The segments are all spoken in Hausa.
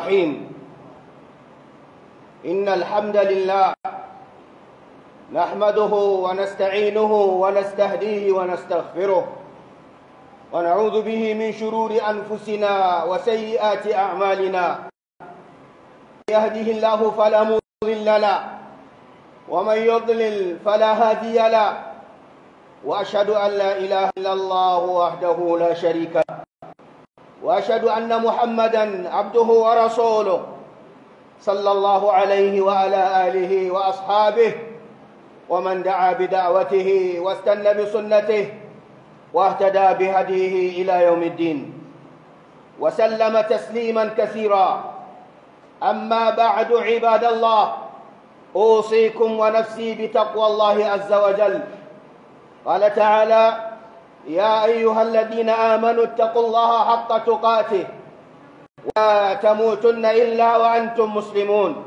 الرحيم إن الحمد لله نحمده ونستعينه ونستهديه ونستغفره ونعوذ به من شرور أنفسنا وسيئات أعمالنا يهده الله فلا مضل له ومن يضلل فلا هادي له وأشهد أن لا إله إلا الله وحده لا شريك له واشهد ان محمدا عبده ورسوله صلى الله عليه وعلى اله واصحابه ومن دعا بدعوته واستنى بسنته واهتدى بهديه الى يوم الدين وسلم تسليما كثيرا اما بعد عباد الله اوصيكم ونفسي بتقوى الله عز وجل قال تعالى يا أيها الذين آمنوا اتقوا الله حق تقاته ولا تموتن إلا وأنتم مسلمون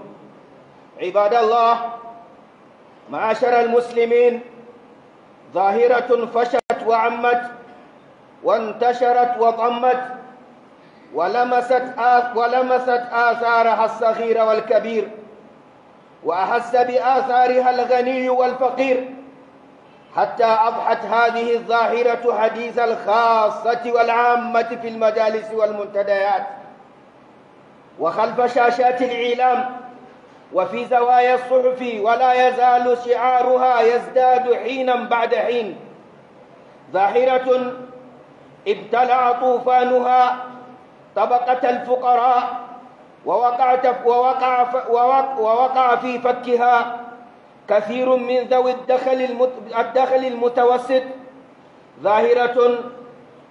عباد الله معاشر المسلمين ظاهرة فشت وعمت وانتشرت وطمت ولمست ولمست آثارها الصغير والكبير وأحس بآثارها الغني والفقير حتى أضحت هذه الظاهرة حديث الخاصة والعامة في المجالس والمنتديات وخلف شاشات الإعلام وفي زوايا الصحف ولا يزال شعارها يزداد حينا بعد حين ظاهرة ابتلع طوفانها طبقة الفقراء ووقع, ووقع, ووقع في فكها كثير من ذوي الدخل, الدخل المتوسط ظاهرة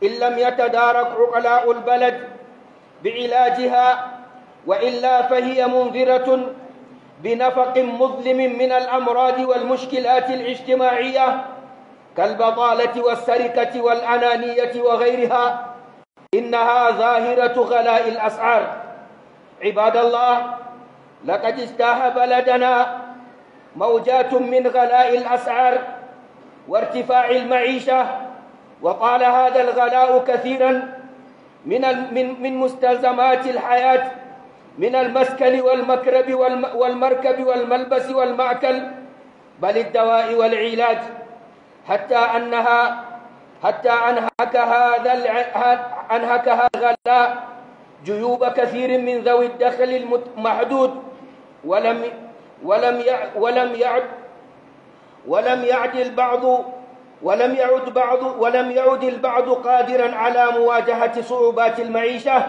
إن لم يتدارك عقلاء البلد بعلاجها وإلا فهي منذرة بنفق مظلم من الأمراض والمشكلات الاجتماعية كالبطالة والسرقة والأنانية وغيرها إنها ظاهرة غلاء الأسعار عباد الله لقد استاه بلدنا موجات من غلاء الأسعار وارتفاع المعيشة وقال هذا الغلاء كثيرا من من من مستلزمات الحياة من المسكن والمكرب والمركب والملبس والمأكل بل الدواء والعلاج حتى أنها حتى أنهك هذا أنهك هذا الغلاء جيوب كثير من ذوي الدخل المحدود ولم ولم ولم يعد ولم يعد البعض ولم يعد بعض ولم يعد البعض قادرا على مواجهة صعوبات المعيشة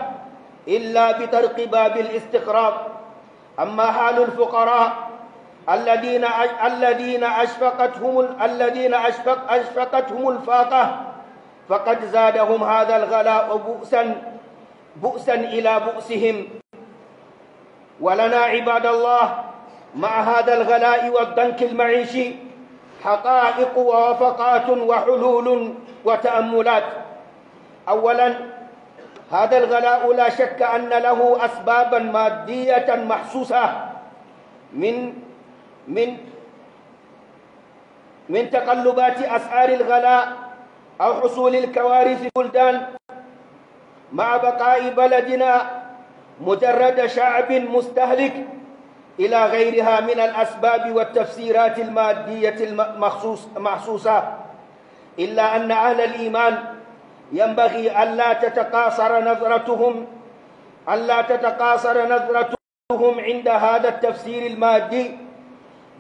إلا بطرق باب الاستقرار أما حال الفقراء الذين الذين أشفقتهم الذين أشفق أشفقتهم الفاقة فقد زادهم هذا الغلاء بؤسا بؤسا إلى بؤسهم ولنا عباد الله مع هذا الغلاء والضنك المعيشي حقائق ووفقات وحلول وتأملات أولا هذا الغلاء لا شك أن له أسبابا مادية محسوسة من من من تقلبات أسعار الغلاء أو حصول الكوارث في البلدان مع بقاء بلدنا مجرد شعب مستهلك إلى غيرها من الأسباب والتفسيرات المادية المحسوسة إلا أن أهل الإيمان ينبغي ألا تتقاصر نظرتهم ألا تتقاصر نظرتهم عند هذا التفسير المادي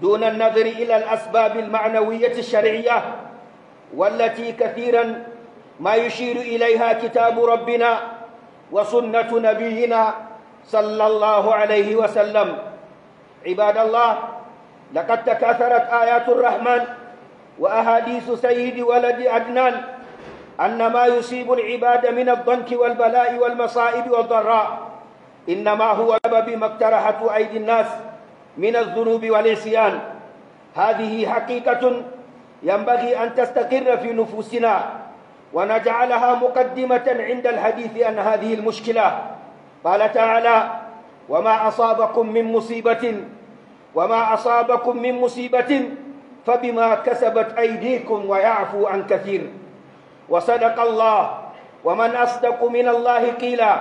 دون النظر إلى الأسباب المعنوية الشرعية والتي كثيرا ما يشير إليها كتاب ربنا وسنة نبينا صلى الله عليه وسلم عباد الله لقد تكاثرت آيات الرحمن وأحاديث سيد ولد عدنان أن ما يصيب العباد من الضنك والبلاء والمصائب والضراء إنما هو سبب ما اقترحت أيدي الناس من الذنوب والعصيان هذه حقيقة ينبغي أن تستقر في نفوسنا ونجعلها مقدمة عند الحديث عن هذه المشكلة قال تعالى وما أصابكم من مصيبة وما أصابكم من مصيبة فبما كسبت أيديكم ويعفو عن كثير وصدق الله ومن أصدق من الله قيلا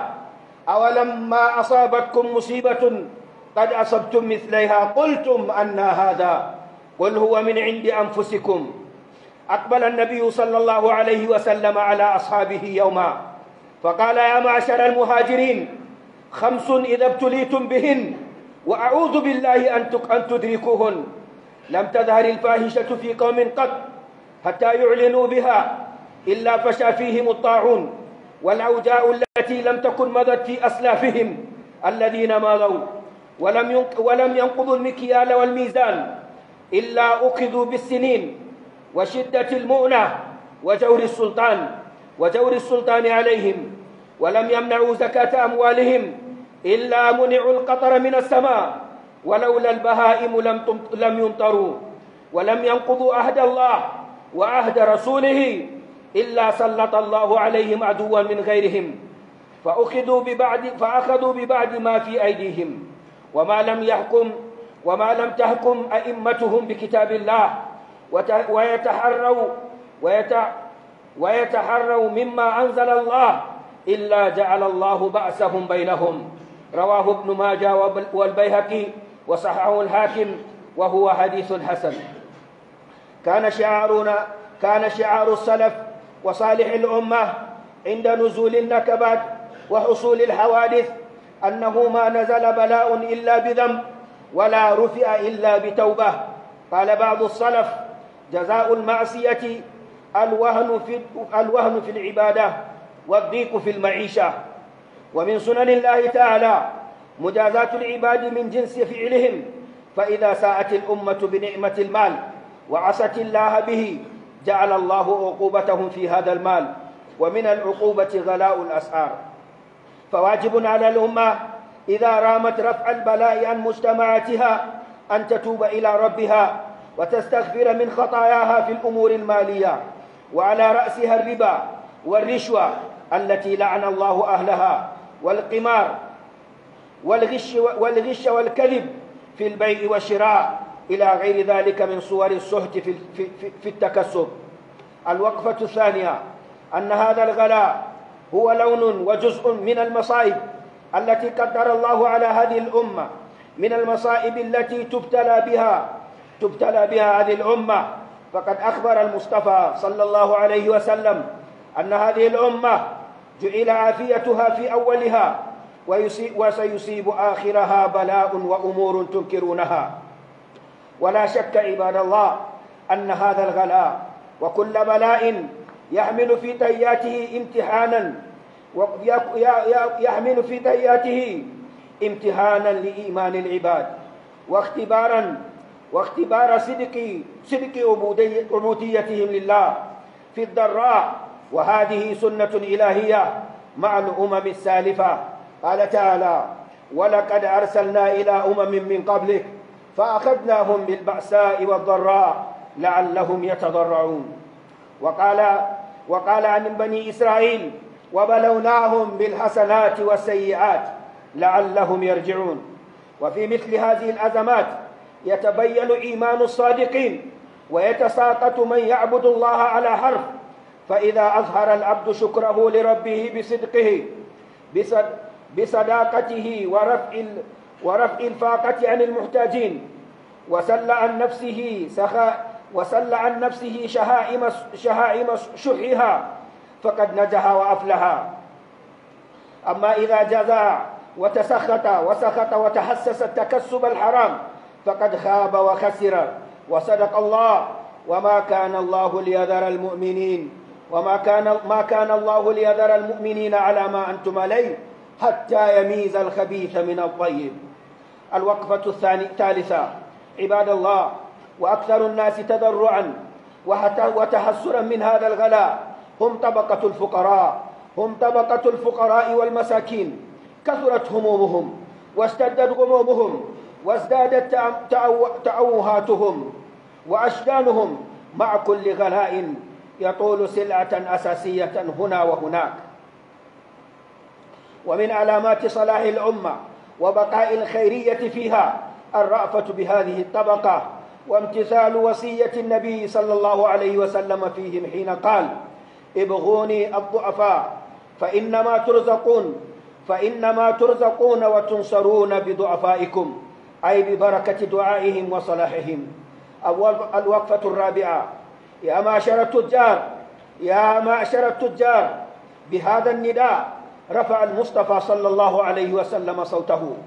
أولما أصابتكم مصيبة قد أصبتم مثليها قلتم أن هذا قل هو من عند أنفسكم أقبل النبي صلى الله عليه وسلم على أصحابه يوما فقال يا معشر المهاجرين خمس إذا ابتليتم بهن وأعوذ بالله أن تدركوهن لم تظهر الفاحشة في قوم قط حتى يعلنوا بها إلا فشى فيهم الطاعون والعوجاء التي لم تكن مضت في أسلافهم الذين ماضوا ولم ولم ينقضوا المكيال والميزان إلا أخذوا بالسنين وشدة المؤنة وجور السلطان وجور السلطان عليهم ولم يمنعوا زكاة أموالهم إلا منعوا القطر من السماء ولولا البهائم لم لم يمطروا ولم ينقضوا عهد الله وعهد رسوله إلا سلط الله عليهم عدوا من غيرهم فأخذوا ببعد فأخذوا ببعد ما في أيديهم وما لم يحكم وما لم تحكم أئمتهم بكتاب الله ويتحروا ويتحروا مما أنزل الله إلا جعل الله بأسهم بينهم رواه ابن ماجه والبيهقي وصححه الحاكم وهو حديث حسن كان شعارنا كان شعار السلف وصالح الأمة عند نزول النكبات وحصول الحوادث أنه ما نزل بلاء إلا بذنب ولا رفع إلا بتوبة قال بعض السلف جزاء المعصية الوهن في الوهن في العبادة والضيق في المعيشة ومن سنن الله تعالى مجازاة العباد من جنس فعلهم فإذا ساءت الأمة بنعمة المال وعصت الله به جعل الله عقوبتهم في هذا المال ومن العقوبة غلاء الأسعار فواجب على الأمة إذا رامت رفع البلاء عن مجتمعاتها أن تتوب إلى ربها وتستغفر من خطاياها في الأمور المالية وعلى رأسها الربا والرشوة التي لعن الله أهلها والقمار والغش والغش والكذب في البيع والشراء إلى غير ذلك من صور السهت في في التكسب الوقفة الثانية أن هذا الغلاء هو لون وجزء من المصائب التي قدر الله على هذه الأمة من المصائب التي تبتلى بها تبتلى بها هذه الأمة فقد أخبر المصطفى صلى الله عليه وسلم أن هذه الأمة جعل عافيتها في أولها وسيصيب آخرها بلاء وأمور تنكرونها ولا شك عباد الله أن هذا الغلاء وكل بلاء يحمل في تياته امتحانا يحمل في تياته امتحانا لإيمان العباد واختبارا واختبار صدق صدق عبوديتهم لله في الضراء وهذه سنة إلهية مع الأمم السالفة قال تعالى ولقد أرسلنا إلى أمم من قبلك فأخذناهم بالبأساء والضراء لعلهم يتضرعون وقال وقال عن بني إسرائيل وبلوناهم بالحسنات والسيئات لعلهم يرجعون وفي مثل هذه الأزمات يتبين إيمان الصادقين ويتساقط من يعبد الله على حرف فإذا أظهر العبد شكره لربه بصدقه بصداقته ورفع ورفع الفاقة عن المحتاجين وسل عن نفسه سخاء وسل عن نفسه شهائم شهائم شحها فقد نجح وأفلح أما إذا جزع وتسخط وسخط وتحسس التكسب الحرام فقد خاب وخسر وصدق الله وما كان الله ليذر المؤمنين وما كان ما كان الله ليذر المؤمنين على ما أنتم عليه حتى يميز الخبيث من الطيب الوقفة الثالثة عباد الله وأكثر الناس تضرعا وتحسرا من هذا الغلاء هم طبقة الفقراء هم طبقة الفقراء والمساكين كثرت همومهم واشتدت غمومهم وازدادت تأوهاتهم وأشجانهم مع كل غلاء يطول سلعة أساسية هنا وهناك ومن علامات صلاح الأمة وبقاء الخيرية فيها الرأفة بهذه الطبقة وامتثال وصية النبي صلى الله عليه وسلم فيهم حين قال ابغوني الضعفاء فإنما ترزقون فإنما ترزقون وتنصرون بضعفائكم أي ببركة دعائهم وصلاحهم الوقفة الرابعة يا معشر التجار يا معشر التجار بهذا النداء رفع المصطفى صلى الله عليه وسلم صوته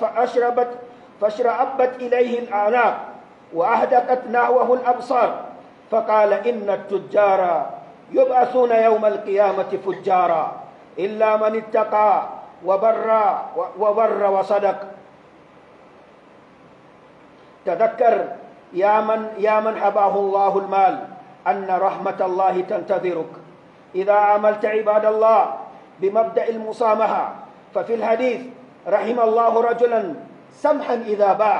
فأشربت فاشرأبت إليه الأعناق وأهدقت نحوه الأبصار فقال إن التجار يبعثون يوم القيامة فجارا إلا من اتقى وبر وبر وصدق تذكر يا من يا من حباه الله المال أن رحمة الله تنتظرك إذا عملت عباد الله بمبدأ المسامحة ففي الحديث رحم الله رجلا سمحا إذا باع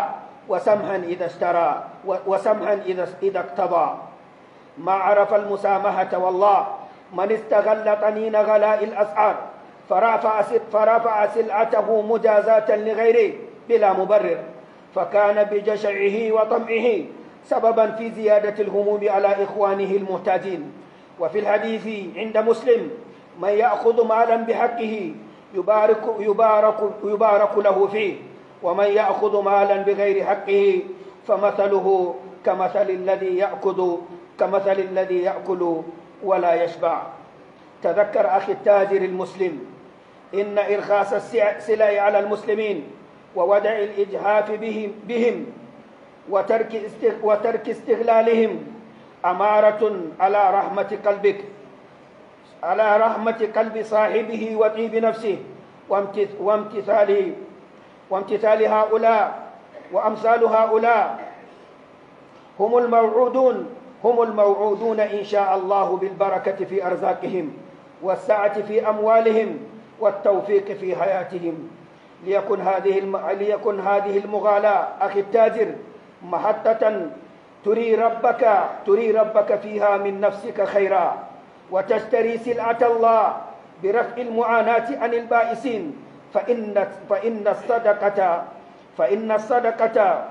وسمحا إذا اشترى وسمحا إذا إذا اقتضى ما عرف المسامحة والله من استغل طنين غلاء الأسعار فرافع فرافع سلعته مجازاة لغيره بلا مبرر فكان بجشعه وطمعه سببا في زيادة الهموم على إخوانه المحتاجين وفي الحديث عند مسلم من يأخذ مالا بحقه يبارك, يبارك, يبارك له فيه ومن يأخذ مالا بغير حقه فمثله كمثل الذي يأكل كمثل الذي يأكل ولا يشبع تذكر أخي التاجر المسلم إن إرخاص السلع على المسلمين وودع الإجهاف بهم, بهم وترك, وترك استغلالهم أمارة على رحمة قلبك على رحمة قلب صاحبه وطيب نفسه وامتثال وامتثال هؤلاء وأمثال هؤلاء هم الموعودون هم الموعودون إن شاء الله بالبركة في أرزاقهم والسعة في أموالهم والتوفيق في حياتهم ليكن هذه الم... ليكن هذه المغالاة أخي التاجر محطة تري ربك تري ربك فيها من نفسك خيرا وتشتري سلعة الله برفع المعاناة عن البائسين فإن فإن الصدقة فإن الصدقة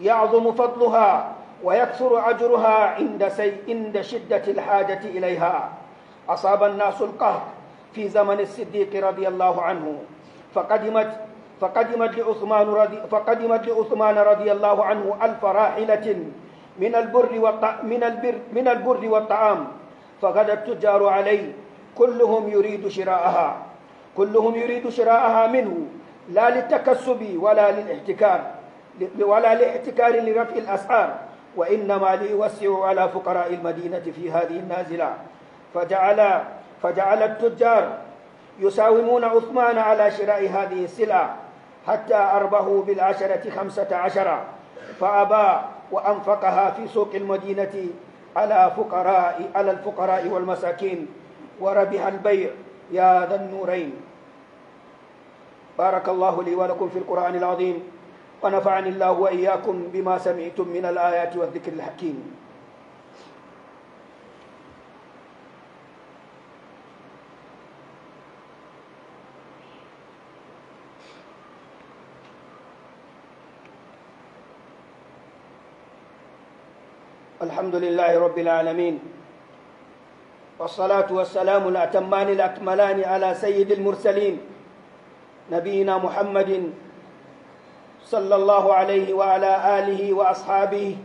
يعظم فضلها ويكثر أجرها عند سي... عند شدة الحاجة إليها أصاب الناس القهر في زمن الصديق رضي الله عنه فقدمت فقدمت لعثمان رضي فقدمت لعثمان رضي الله عنه ألف راحلة من البر والط... من البر من البر والطعام فغدا التجار عليه كلهم يريد شراءها كلهم يريد شراءها منه لا للتكسب ولا للاحتكار ولا لاحتكار لرفع الأسعار وإنما ليوسعوا على فقراء المدينة في هذه النازلة فجعل فجعل التجار يساومون عثمان على شراء هذه السلع حتى أربه بالعشرة خمسة عشر فأبى وأنفقها في سوق المدينة على فقراء على الفقراء والمساكين وربح البيع يا ذا النورين بارك الله لي ولكم في القرآن العظيم ونفعني الله وإياكم بما سمعتم من الآيات والذكر الحكيم الحمد لله رب العالمين والصلاة والسلام الأتمان الأكملان على سيد المرسلين نبينا محمد صلى الله عليه وعلى آله وأصحابه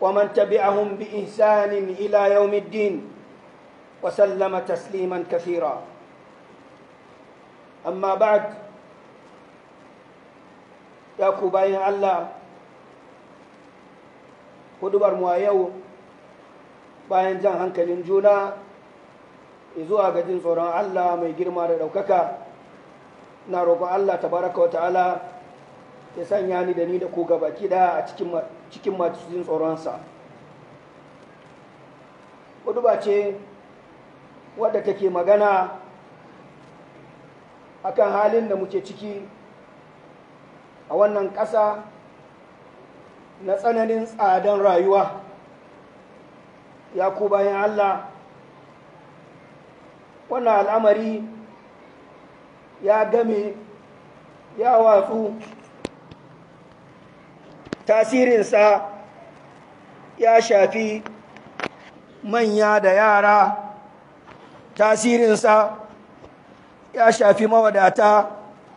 ومن تبعهم بإحسان إلى يوم الدين وسلم تسليما كثيرا أما بعد يا كوباين الله hudubar mu a yau bayan jan hankalin juna zuwa ga jin tsoron Allah mai girma da ɗaukaka na roƙon Allah ta wa ta'ala ya sanya ni da ni da ku gaba kiɗa a cikin masu jin tsoronsa huduba ce wadda take magana akan halin da muke ciki a wannan ƙasa na tsananin tsadan rayuwa ya ku bayan allah wannan al'amari ya game ya watsu tasirinsa ya shafi manya da yara tasirinsa ya shafi mawadata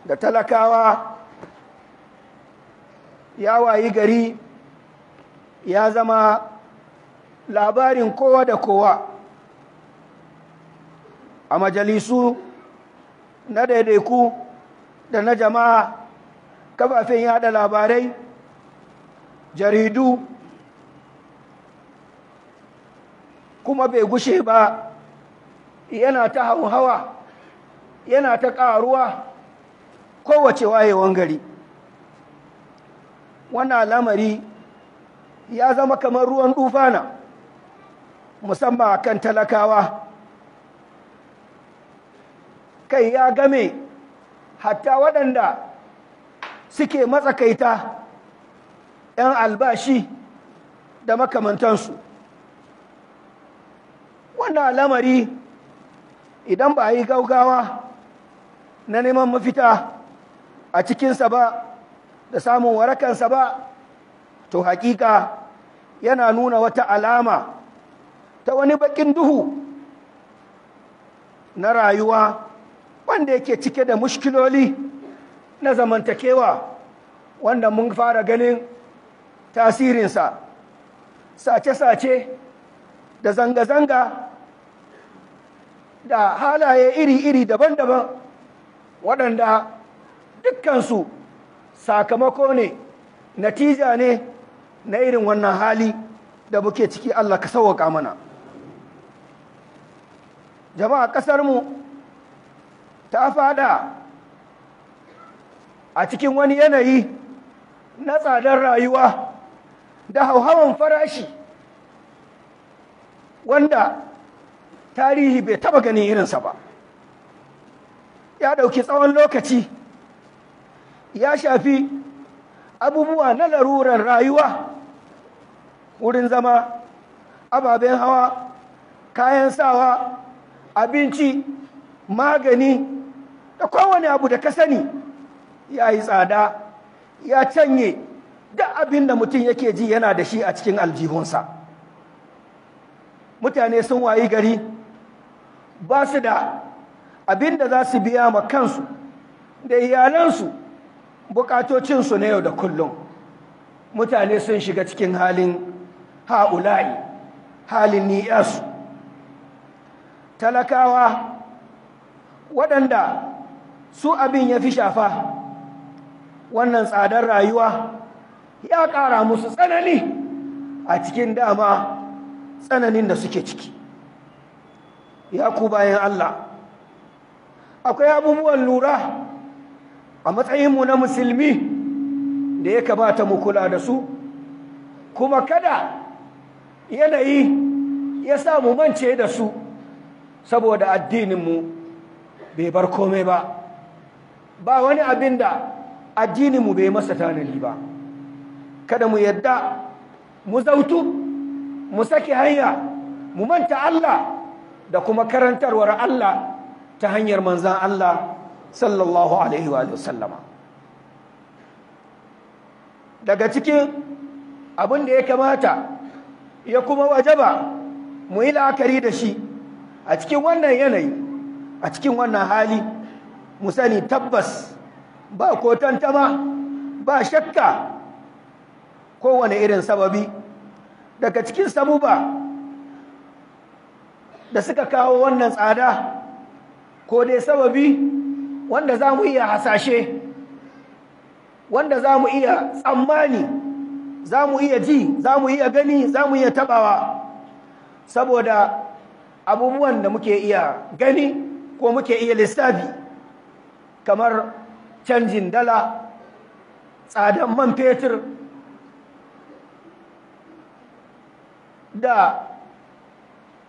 da talakawa ya wayi gari ya zama labarin kowa da kowa a majalisu na daidaiku da na jama'a kafafen yada labarai jaridu kuma bai gushe ba yana ta hauhawa yana ta ƙaruwa kowace wayewan gari wannan lamari ya zama kamar ruwan dufana musamman a kan talakawa kai ya game hatta waɗanda suke matsakaita 'yan albashi da makamantansu wannan lamari idan ba a yi gaugawa na neman mafita a cikinsa ba da samun warakansa ba to hakika yana nuna wata alama ta wani bakin duhu na rayuwa wanda yake cike da mushkiloli na zamantakewa wanda mun fara ganin tasirinsa sace-sace da zanga-zanga da halaye iri-iri daban-daban waɗanda dukkansu sakamako ne natija ne na irin wannan hali da muke ciki Allah ka sauwaka mana jama'a ƙasarmu ta fada a cikin wani yanayi na tsadar rayuwa da hauhawan farashi wanda tarihi bai taba ganin irinsa ba ya ɗauki tsawon lokaci ya shafi abubuwa na larurar rayuwa wurin zama ababen hawa kayan sawa abinci magani da kowane abu da ka sani ya yi tsada ya canye da abin da mutum yake ji yana da shi a cikin aljihunsa mutane sun wayi gari ba su da abin da za su biya ma kansu da iyalansu bukatocinsu na yau da kullum mutane sun shiga cikin halin ha'ula'i halin 'yasu. talakawa waɗanda su abin ya fi shafa wannan tsadar rayuwa ya ƙara musu tsanani a cikin dama tsananin da suke ciki ya ku bayan Allah akwai abubuwan lura a matsayinmu na musulmi da ya kamata mu kula da su kuma kada yanayi ya sa mu mance da su saboda addininmu bai bar komai ba ba wani abin da addininmu bai masa tanani ba kada mu yadda mu zautu mu sake hanya mu manta Allah da kuma karantarwar Allah ta hanyar manzan Allah sallallahu alaihi wa sallama daga cikin abin da ya kamata ya kuma wajaba mu yi la'akari da shi a cikin wannan yanayi a cikin wannan hali mu sani tabbas ba ko tantama ba shakka kowane irin sababi daga cikin sabuba da suka kawo wannan tsada ko dai sababi wanda za mu iya hasashe wanda za mu iya tsammani za mu iya ji za mu iya gani za mu iya tabawa saboda abubuwan da muke iya gani ko muke iya lissafi kamar canjin dala tsadan man fetur da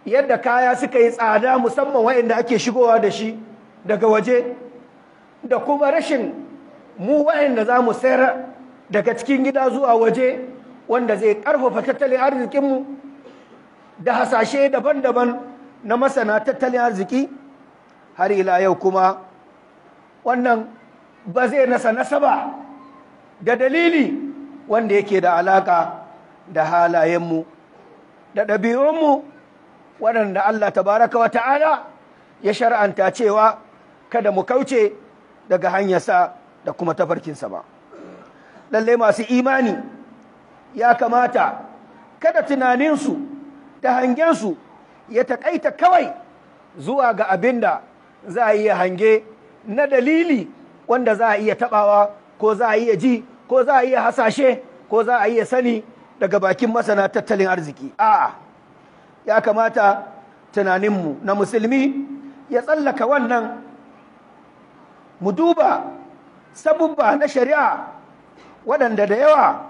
yadda kaya suka yi tsada musamman waɗanda ake shigowa da shi daga waje da kuma rashin mu waɗanda za mu sayar daga cikin gida zuwa waje wanda zai ƙarfafa tattalin arzikinmu da hasashe daban-daban na masana tattalin arziki har ila yau kuma wannan ba zai nasa nasa ba, da dalili wanda yake da alaka da halayenmu da ɗabi'unmu waɗanda Allah tabaraka wa ta'ala ya shar'anta cewa kada mu kauce daga hanyarsa da kuma tafarkinsa ba. lalle masu imani ya kamata kada tunaninsu ta su ya taƙaita kawai zuwa ga abin da za a iya hange na dalili wanda za a iya taɓawa ko za a iya ji ko za a iya hasashe ko za a iya sani daga bakin masana tattalin arziki a'a ya kamata tunaninmu na musulmi ya tsallaka wannan mu duba sabubba na shari'a waɗanda da yawa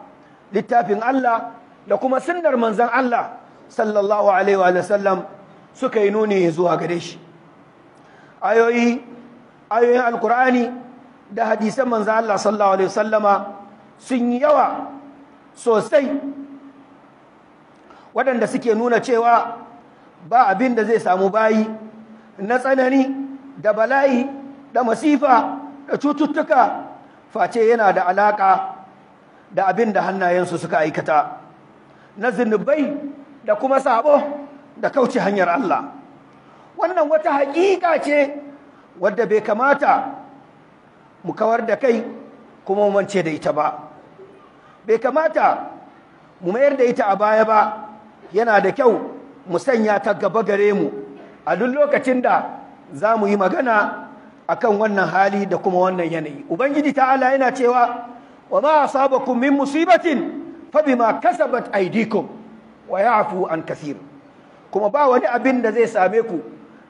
littafin Allah da kuma sunnar manzan Allah sallallahu alaihi wa sallam suka yi nuni zuwa gare shi ayoyi ayoyin alkur'ani da hadisan manzan Allah sallallahu alaihi wa sun yi yawa sosai waɗanda suke nuna cewa ba abin da zai samu bayi na tsanani da bala'i da masifa da cututtuka face yana da alaƙa da abin da hannayensu suka aikata na zunubai da kuma sabo da kauce hanyar Allah wannan wata haƙiƙa ce wadda bai kamata mu kawar da kai kuma mu mance da ita ba bai kamata mu mayar da ita a baya ba yana da kyau mu sanya ta gaba gare mu a duk lokacin da za mu yi magana akan wannan hali da kuma wannan yanayi ubangiji ta'ala yana cewa wa ma asabakum min musibatin fa bima kasabat aydikum wa ya'fu an kathir kuma ba wani abin da zai same ku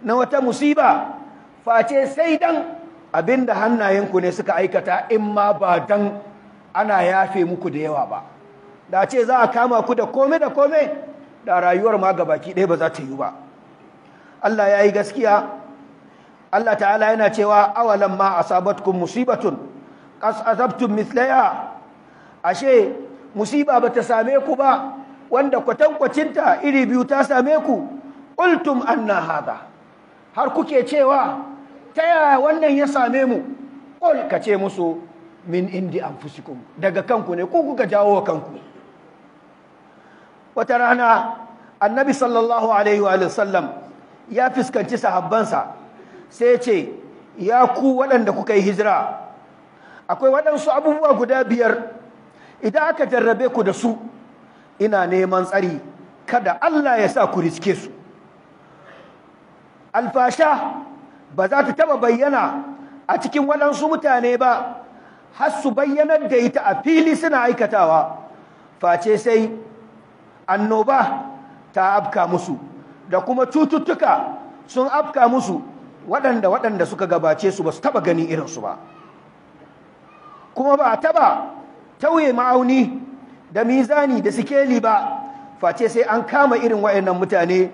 na wata musiba face sai dan abin da hannayenku ne suka aikata in ma ba dan ana yafe muku da yawa ba da ce za a kama ku da kome da kome da rayuwar ma gabaki ɗaya ba za ta yi ba Allah ya yi gaskiya Allah ta'ala yana cewa awalan ma asabatkum musibatun qas azabtum mislaya ashe musiba ta same ku ba wanda kwatankwacinta iri biyu ta same ku qultum anna haza har kuke cewa ta yaya wannan ya same mu ka ce musu min indi anfusikum daga kanku ne ku kuka jawo wa kanku wata rana annabi sallallahu alaihi wa ya fuskanci sahabbansa sai ce ya ku waɗanda kuka yi hijira akwai waɗansu abubuwa guda biyar idan aka jarrabe ku da su ina neman tsari kada Allah ya sa ku riske su alfasha ba za ta taɓa bayyana a cikin waɗansu mutane ba har su bayyanar da ita a fili suna aikatawa face sai annoba ta afka musu da kuma cututtuka sun afka musu waɗanda waɗanda suka gabace su ba su taɓa gani irinsu ba kuma ba a taɓa tauye ma'auni da mizani da sikeli ba face sai an kama irin wayannan mutane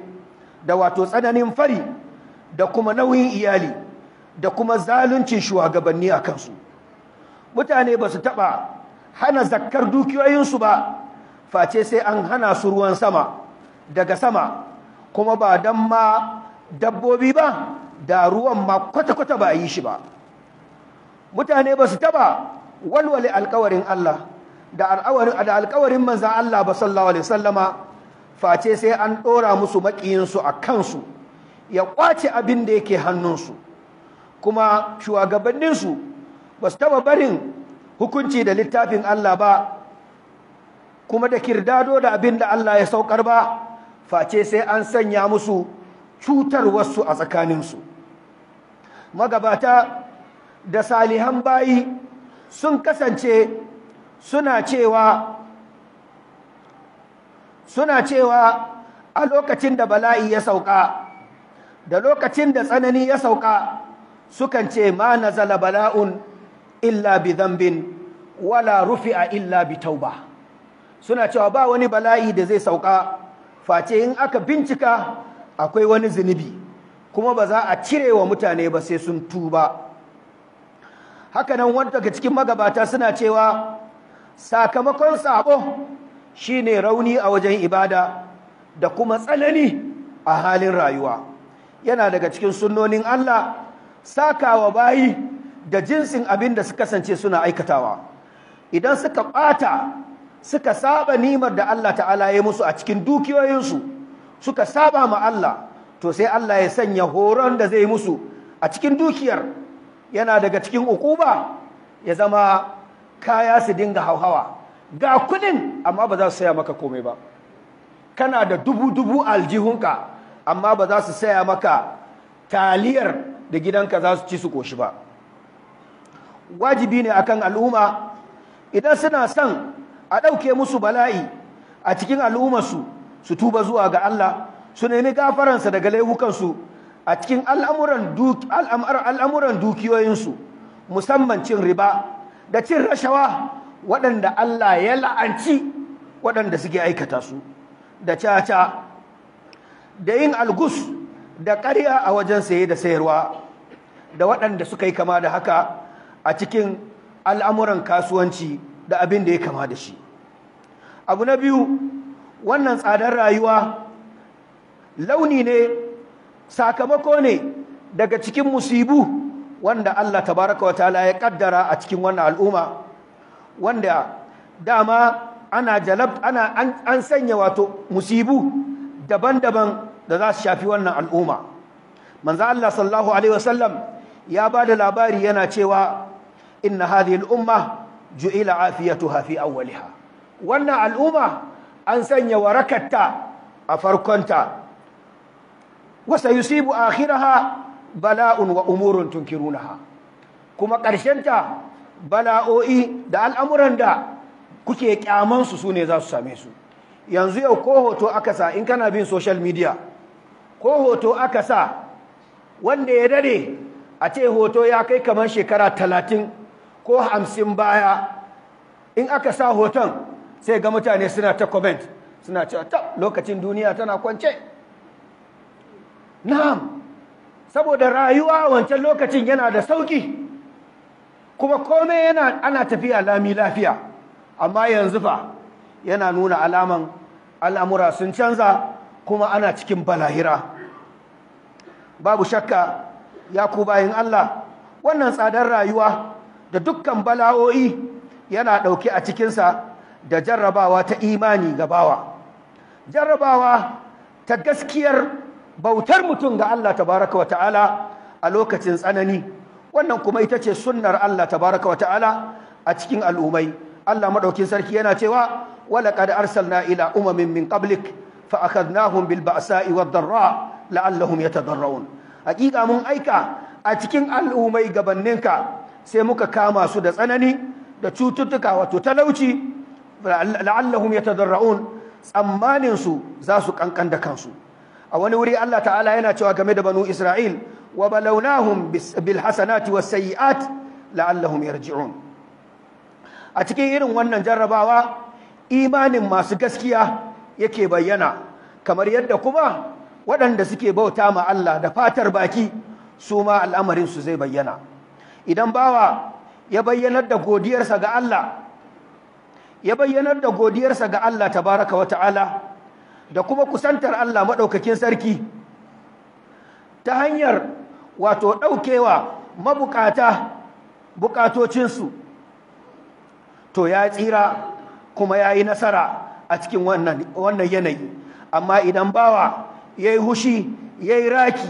da wato tsananin fari da kuma nauyin iyali da kuma zaluncin shugabanni a kansu mutane ba su taba hana zakkar dukiyoyinsu ba face sai an hana su ruwan sama daga sama kuma ba don ma dabbobi ba da ruwan ma kwata-kwata ba a yi shi ba mutane ba su taba walwale alkawarin Allah da alkawarin manza Allah ba sallawa da sallama face sai an ɗora musu maƙiyinsu a kansu ya ƙwace abin da yake hannunsu kuma shugabanninsu ba su taɓa barin hukunci da littafin Allah ba kuma da kirdado da abin da Allah ya saukar ba face sai an sanya musu cutar wasu a tsakaninsu magabata da salihan bayi sun kasance suna cewa suna cewa a lokacin da bala'i ya sauka da lokacin da tsanani ya sauka sukan ce ma nazala bala'un illa bi dhanbin wala rufi'a illa bi tauba suna cewa ba wani bala'i da zai sauka face in aka bincika akwai wani zunubi kuma ba za a cire wa mutane ba sai sun tuba Haka nan, wanda daga cikin magabata suna cewa sakamakon sabo ne rauni a wajen ibada da kuma tsanani a halin rayuwa yana daga cikin sunnonin Allah sakawa bayi da jinsin abin da su kasance suna aikatawa idan suka ɓata suka saba nimar da Allah ta'ala ya musu a cikin dukiyoyinsu suka saba ma Allah to sai Allah ya sanya horon da zai musu a cikin dukiyar yana daga cikin ukuba ya zama kaya su dinga hauhawa ga kudin amma ba za su saya maka komai ba kana da dubu-dubu aljihunka amma ba za su saya maka taliyar da gidanka za su ci su koshi ba wajibi ne akan al'umma idan suna son a ɗauke musu bala'i a cikin al'ummarsu su tuba zuwa ga Allah su nemi gafaransa daga laifukansu a cikin al'amuran dukiyoyinsu musamman cin riba da cin rashawa waɗanda Allah ya la'anci waɗanda suke aikata su da caca da yin algus da ƙarya a wajen saye da sayarwa da waɗanda suka yi kama da haka a cikin al'amuran kasuwanci da abin da ya kama da shi abu na biyu wannan tsadar rayuwa launi ne sakamako ne daga cikin musibu wanda Allah tabaraka wa ta'ala ya kaddara a cikin wannan al'umma wanda dama ana jalab ana an, an sanya wato musibu daban-daban da za su shafi wannan al'umma manzo Allah sallallahu alaihi wasallam ya ba da labari yana cewa inna hadhihi al-umma ju'ila afiyatuha fi awwaliha wannan al'umma an sanya warakatta a farkonta وسيصيب آخرها بلاء ha kuma ƙarshen ta bala'o'i da al'amuran da kuke kyaman su sune za su same su yanzu yau ko hoto aka sa in kana bin social media ko hoto aka sa wanda ya dare a ce hoto ya kai kamar shekara talatin ko hamsin baya in aka sa hoton sai ga mutane suna ta comment suna cewa ta lokacin duniya tana kwance na'am saboda rayuwa a wancan lokacin yana da sauki kuma komai yana ana tafiya lami lafiya amma yanzu fa yana nuna alaman al'amura sun canza kuma ana cikin balahira babu shakka ya ku bayin Allah wannan tsadar rayuwa da dukkan bala'o'i yana ɗauki a cikinsa da jarrabawa ta imani gabawa jarrabawa ta gaskiyar bautar mutum ga Allah tabaraka wa ta'ala a lokacin tsanani wannan kuma ita ce sunnar Allah tabaraka wa ta'ala a cikin al'umai Allah madaukin sarki yana cewa walaqad arsalna ila umamin min ƙablik fa akhadnahum bil ba'sa'i wad darra la'allahum yatadarrun hakika mun aika a cikin al'umai banninka sai muka kama su da tsanani da cututtuka wato talauci la'allahum yatadarrun tsammanin su za su ƙanƙan da kansu a wani wuri Allah ta'ala yana cewa game da banu Isra'il wa balawnahum bil hasanati was sayi'at la'allahum yarji'un a cikin irin wannan jarrabawa imanin masu gaskiya yake bayyana kamar yadda kuma waɗanda suke bauta ma Allah da fatar baki su ma al'amarin su zai bayyana idan bawa ya bayyanar da godiyarsa ga Allah ya bayyanar da godiyarsa ga Allah tabaraka wa ta'ala da kuma kusantar Allah maɗaukakin sarki ta hanyar wato ɗaukewa mabukata bukatocinsu to ya tsira kuma ya yi nasara a cikin wannan yanayi amma idan bawa ya yi hushi ya yi raki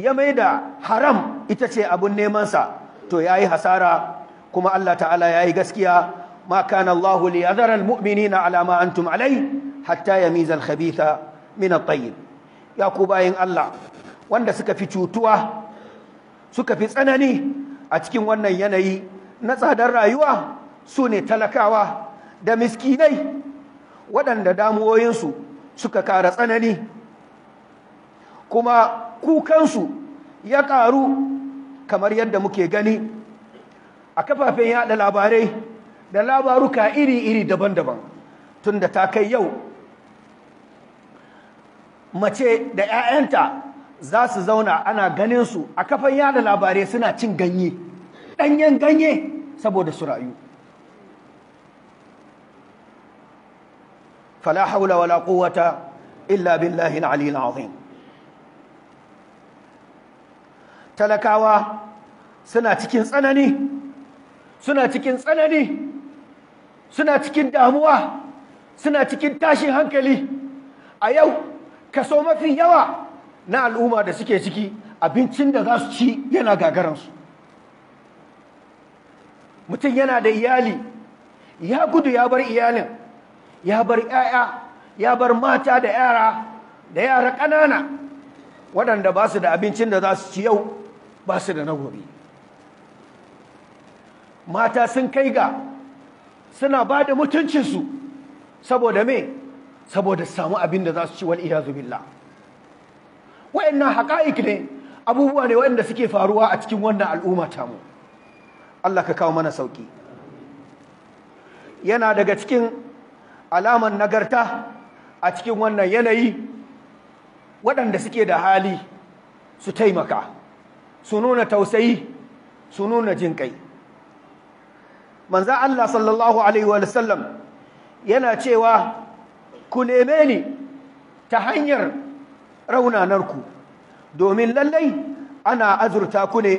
ya mai da haram ita ce abin nemansa to ya yi hasara kuma Allah ta'ala ya yi gaskiya ma kana Allahu liyadhara almu'minina na alama antum alai. hatta ya al-khabitha min at-tayyib ya ku bayin Allah wanda suka fi cutuwa suka fi tsanani a cikin wannan yanayi na tsadar rayuwa su ne talakawa da miskinai waɗanda damuwoyinsu suka kara tsanani kuma kukansu ya ƙaru kamar yadda muke gani a kafafen yada labarai da labaruka iri-iri daban-daban tunda ta kai yau mace da 'ya'yanta za su zauna ana ganin su a kafan yada labarai suna cin ganye ɗanyen ganye saboda su rayu fala haula wala quwwata illa billahi al-aliyyil azim talakawa suna cikin tsanani suna cikin tsanani suna cikin damuwa suna cikin tashin hankali a yau kaso mafi yawa na al'umma da suke ciki abincin da za su ci yana gagaransu mutum yana da iyali ya gudu ya bar iyalin ya bar 'ya'ya ya bar mata da yara da yara ƙanana waɗanda ba su da abincin da za su ci yau ba su da na gobe mata sun kai ga suna ba da mutuncinsu saboda mai saboda samu abin da za su ci wal zubilla. billah wa'annan haqa'iq ne abubuwa ne wa'anda suke faruwa a cikin wannan al'umma ta mu Allah ka kawo mana sauƙi. yana daga cikin alaman nagarta a cikin wannan yanayi waɗanda suke da hali su taimaka su nuna tausayi su nuna jin kai Allah sallallahu alaihi wa yana cewa ku neme ni ta hanyar raunanarku domin lallai ana azurta ku ne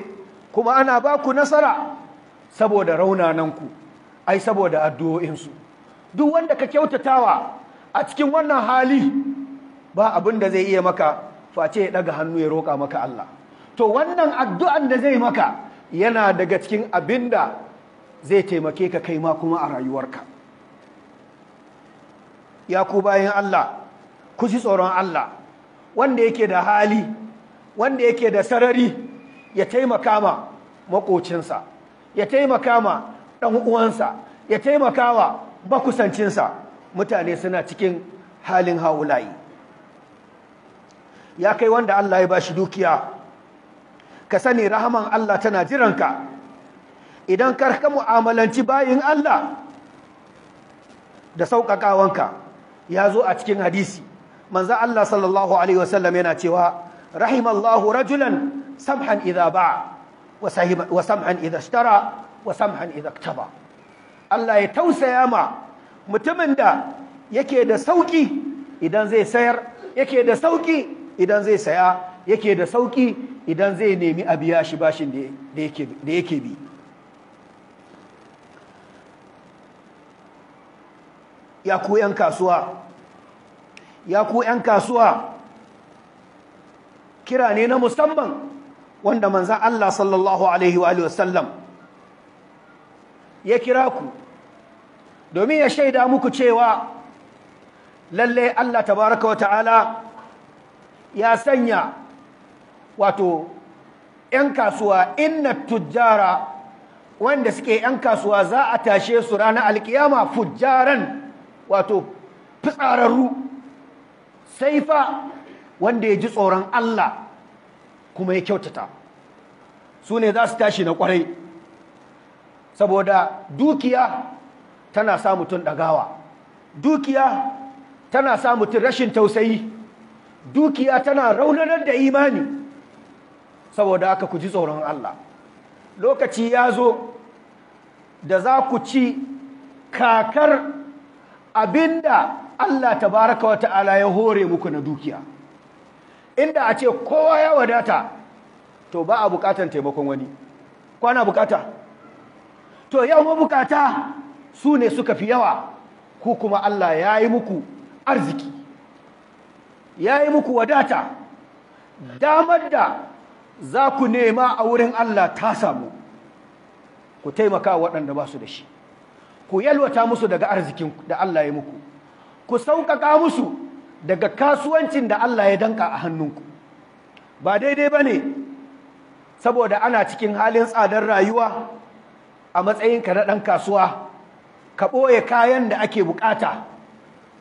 kuma ana ba ku nasara saboda raunananku ai saboda addu'o'insu duk wanda ka kyautatawa a cikin wannan hali ba abin da zai iya maka face ya daga hannu ya roƙa maka Allah to wannan addu'an da zai maka yana daga cikin abin da zai taimake ka kai ma kuma a rayuwarka ya ku bayan Allah ku si tsoron Allah wanda yake da hali wanda yake da sarari ya taimaka ma makocinsa ya taimaka ma dan uwansa ya taimaka wa bakusancinsa mutane suna cikin halin haulayi ya kai wanda Allah ya ba shi dukiya ka sani rahaman Allah tana jiranka idan ka mu'amalanci bayin Allah da sauƙaƙawanka ya zo a cikin hadisi manzo Allah sallallahu alaihi wasallam yana cewa rahimallahu rajulan samhan idza ba'a wa samhan idza ishtara wa samhan idza iktaba Allah ya tausaya ma mutumin da yake da sauki idan zai sayar yake da sauki idan zai saya yake da sauki idan zai nemi a biya shi bashin da yake bi ya ku 'yan kasuwa ya ku 'yan kasuwa kira ne na musamman wanda manzan Allah sallallahu Alaihi wasallam ya kira ku domin ya shaida muku cewa lallai Allah tabaraka wa ta'ala ya sanya wato ‘yan kasuwa inna tujjara wanda suke ‘yan kasuwa za a tashe su ranar alkiyama fujjaran wato fitsararru sai fa wanda ya ji tsoron Allah kuma ya kyautata su ne za su tashi na kwarai saboda dukiya tana sa mutum ɗagawa dukiya tana sa mutum rashin tausayi dukiya tana raunanar da imani saboda aka ku ji tsoron Allah lokaci ya zo da za ku ci kakar abinda Allah tabaraka wa ta'ala ya hore muku na dukiya inda a ce kowa ya wadata to ba a bukatan taimakon wani kwana bukata to yau bukata su ne suka fi yawa ku kuma Allah ya yi muku arziki ya yi muku wadata damar da za ku nema a wurin Allah ta samu ku taimaka waɗanda ba su da shi ku yalwata musu daga arzikin da Allah ya muku ku sauƙaƙa musu daga kasuwancin da Allah ya danka a hannunku ba daidai ba ne saboda ana cikin halin tsadar rayuwa a matsayinka na ɗan kasuwa ka ɓoye kayan da ake buƙata,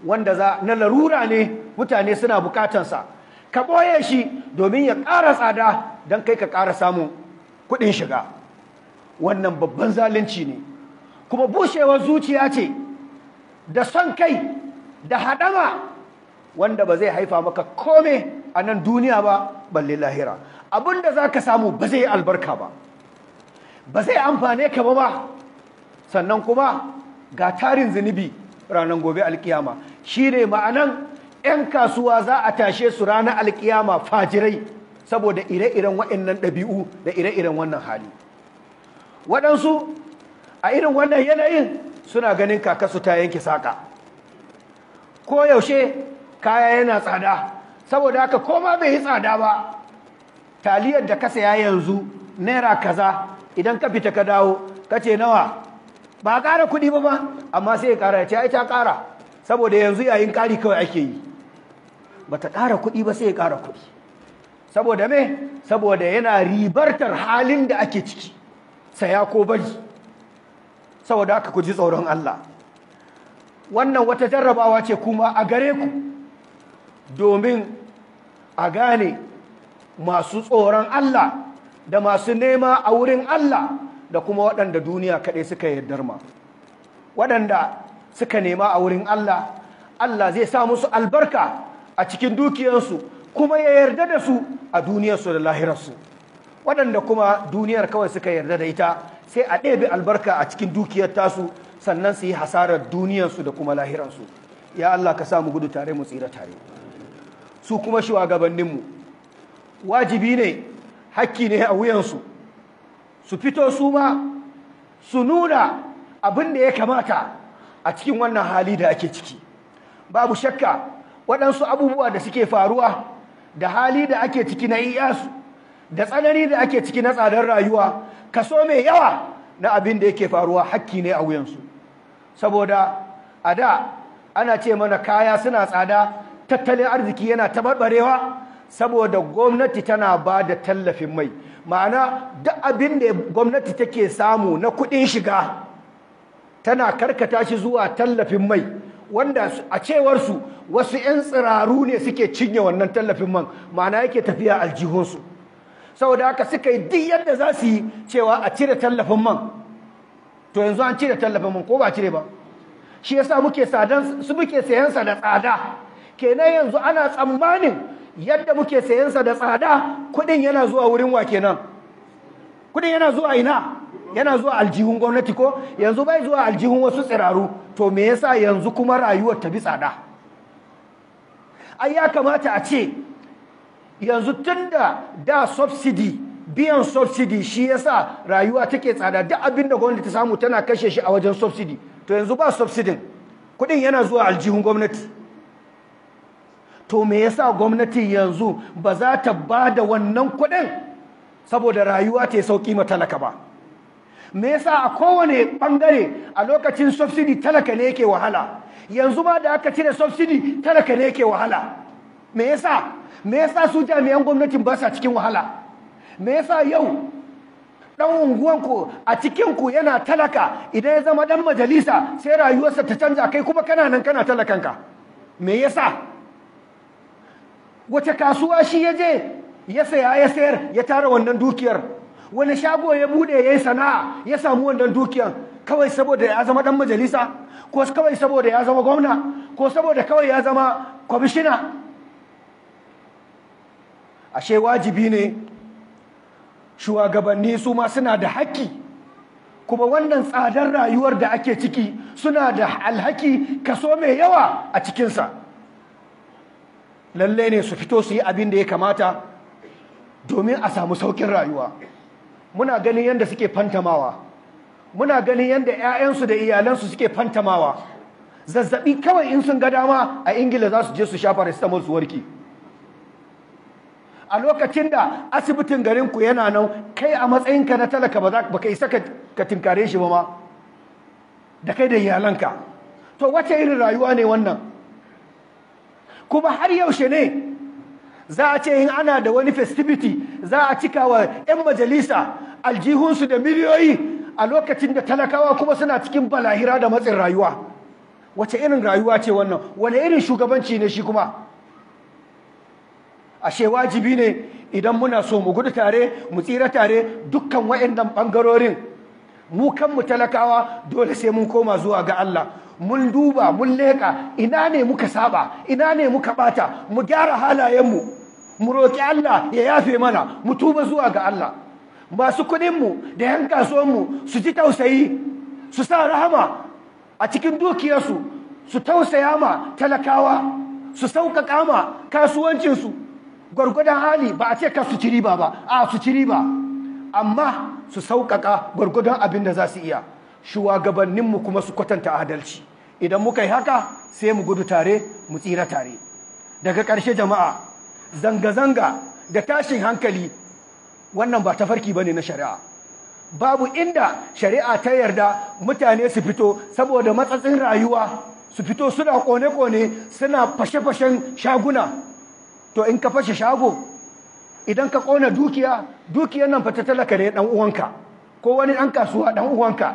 wanda za na larura ne mutane suna bukatansa ka ɓoye shi domin ya ƙara tsada don kai ka ƙara samun kuɗin shiga wannan babban zalunci ne kuma bushewar zuciya ce da son kai da haɗama wanda ba zai haifa maka kome a nan duniya ba balle lahira abinda za ka samu ba zai albarka ba ba zai amfane ka ba ma sannan kuma ga tarin zunubi ranar gobe alkiyama shi ne ma'anan 'yan kasuwa za a tashe su ranar alkiyama fajirai saboda ire-iren waɗannan ɗabi'u da ire-iren wannan hali waɗansu a irin wannan yanayin suna ganin kakasu ta yanke saƙa ko yaushe kaya yana tsada saboda haka koma bai yi tsada ba taliyar da ka saya yanzu naira kaza idan ka fita ka dawo ka ce nawa ba ƙara kuɗi ba ba amma sai ya ƙara ya ce ai ta ƙara saboda yanzu yayin ƙari kawai ake yi ba ta ƙara kuɗi ba sai ya ƙara kuɗi saboda me saboda yana ribartar halin da ake ciki saya ko bari saboda aka ku tsoron Allah wannan wata jarrabawa ce kuma a gare ku domin a gane masu tsoron Allah da masu nema a wurin Allah da kuma waɗanda duniya kaɗai suka yardar ma waɗanda suka nema a wurin Allah Allah zai sa musu albarka a cikin dukiyarsu kuma ya yarda da su a duniyarsu da lahirarsu waɗanda kuma duniyar kawai suka yarda da ita sai a ɗebe albarka a cikin dukiyar tasu sannan su yi hasarar duniyarsu da kuma lahiransu ya Allah ka samu gudu tare mu tsira tare su kuma shugabanninmu wajibi ne hakki ne a wuyansu su fito su ma su nuna abin da ya kamata a cikin wannan hali da ake ciki babu shakka waɗansu abubuwa da suke faruwa da hali da ake ciki na iyasu da tsanani da ake ciki na tsadar rayuwa kaso mai yawa na abin da yake faruwa hakki ne a wuyansu saboda a da ana ce mana kaya suna tsada tattalin arziki yana tabarbarewa saboda gwamnati tana ba da tallafin mai ma'ana duk abin da gwamnati take samu na kuɗin shiga tana karkata shi zuwa tallafin mai wanda a cewarsu wasu 'yan tsiraru ne suke cinye wannan tallafin man ma'ana yake tafiya aljihunsu saboda haka suka yi duk yadda za su yi cewa a cire tallafin man to yanzu an cire tallafin man ko ba cire ba shi yasa muke su muke sayansa da tsada kenan yanzu ana tsammanin yadda muke sayansa da tsada kudin yana zuwa wurin wa kenan kudin yana zuwa ina yana zuwa aljihun gwamnati ko yanzu bai zuwa aljihun wasu tsiraru to me yasa yanzu kuma rayuwar ta bi tsada ai ya kamata a ce yanzu tunda da subsidy biyan subsidy shi yasa rayuwa take tsada duk abin da gwamnati ta samu tana kashe shi a wajen subsidy to yanzu ba subsidin kudin yana zuwa aljihun gwamnati to me yasa gwamnati yanzu ba za ta ba da wannan kudin saboda rayuwa ta sauki ma talaka ba me yasa a kowane bangare a lokacin subsidy talaka ne yake wahala yanzu ba da aka cire subsidy talaka ne yake wahala me yasa me yasa su jami'an gwamnatin ba sa cikin wahala me yasa yau dan ku a cikin ku yana talaka idan ya zama dan majalisa sai rayuwarsa ta canja kai kuma kana nan kana talakan ka me yasa wace kasuwa shi ya je ya saya ya sayar ya tara wannan dukiyar wani shago ya bude ya yi sana'a ya samu wannan dukiyar kawai saboda ya zama dan majalisa ko kawai saboda ya zama gwamna ko saboda kawai ya zama kwamishina ashe wajibi ne shugabanni su ma suna da haƙƙi kuma wannan tsadar rayuwar da ake ciki suna da alhaki kaso mai yawa a cikinsa lalle ne su fito su yi abin da ya kamata domin a samu saukin rayuwa muna ganin yadda suke fantamawa muna ganin yadda 'ya'yansu da iyalansu suke fantamawa zazzabi kawai in sun ga dama a ingila za su je su sha paracetamol su warki. a lokacin da asibitin garinku yana nan kai a matsayinka na talaka ba za ka isa ka tinkare shi ba ma da kai da iyalanka to wace irin rayuwa ne wannan kuma har yaushe ne za a ce in ana da wani festivity za a cika wa 'yan majalisa aljihunsu da miliyoyi a lokacin da talakawa kuma suna cikin balahira da matsin rayuwa wace irin rayuwa ce wannan wane irin shugabanci ne shi kuma ashe wajibi ne idan muna so mu gudu tare mu tsira tare dukkan waɗannan ɓangarorin mu kanmu talakawa dole sai mun koma zuwa ga Allah mun duba mun leƙa ina ne muka saba ina ne muka ɓata mu gyara halayenmu mu roƙi Allah ya yafe mana mu tuba zuwa ga Allah masu kudinmu da yan kasuwanmu su ji tausayi su sa rahama a cikin dukiyarsu su tausaya ma talakawa su sauƙaƙa ma kasuwancinsu gwargwadon hali ba a ce ka su ci riba ba a su ci riba amma su sauƙaƙa gwargwadon abin da za su iya shugabanninmu kuma su kwatanta adalci idan muka yi haka sai mu gudu tare mu tsira tare daga ƙarshe jama'a zanga-zanga da tashin hankali wannan ba ta farki ba ne na shari'a babu inda shari'a ta yarda mutane su fito saboda matsatsin rayuwa su fito suna kone-kone suna fashe-fashen shaguna to in ka fashe shago idan ka kona dukiya dukiyar nan fata talaka ne ɗan uwanka ko wani ɗan kasuwa ɗan uwanka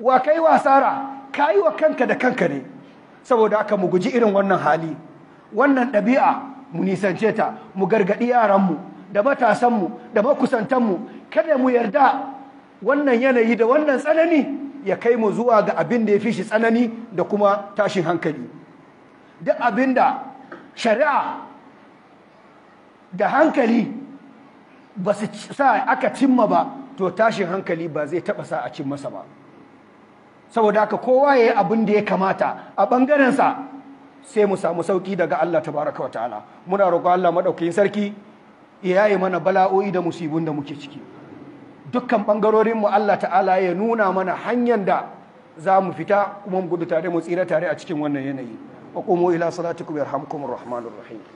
wa kai wasara yi wa kanka da kanka ne saboda aka mu guji irin wannan hali wannan ɗabi'a mu nisance ta mu gargaɗi yaranmu da matasanmu da makusantanmu kada mu yarda wannan yanayi da wannan tsanani ya kai mu zuwa ga abin da ya fi shi tsanani da kuma tashin hankali duk abin da shari'a da hankali ba su sa aka cimma ba to tashin hankali ba zai taba sa a cin masa ba saboda haka kowa ya yi abin da ya kamata a ɓangarensa sai mu samu sauƙi daga Allah baraka wa ta'ala muna roƙon Allah maɗaukakin sarki ya yi mana bala'o'i da musibin da muke ciki dukkan ɓangarorin mu Allah ta'ala ya nuna mana hanyar da za mu fita kuma mu gudu tare mu tsira tare a cikin wannan yanayi wa qumu ila salatikum yarhamkumur rahmanur rahim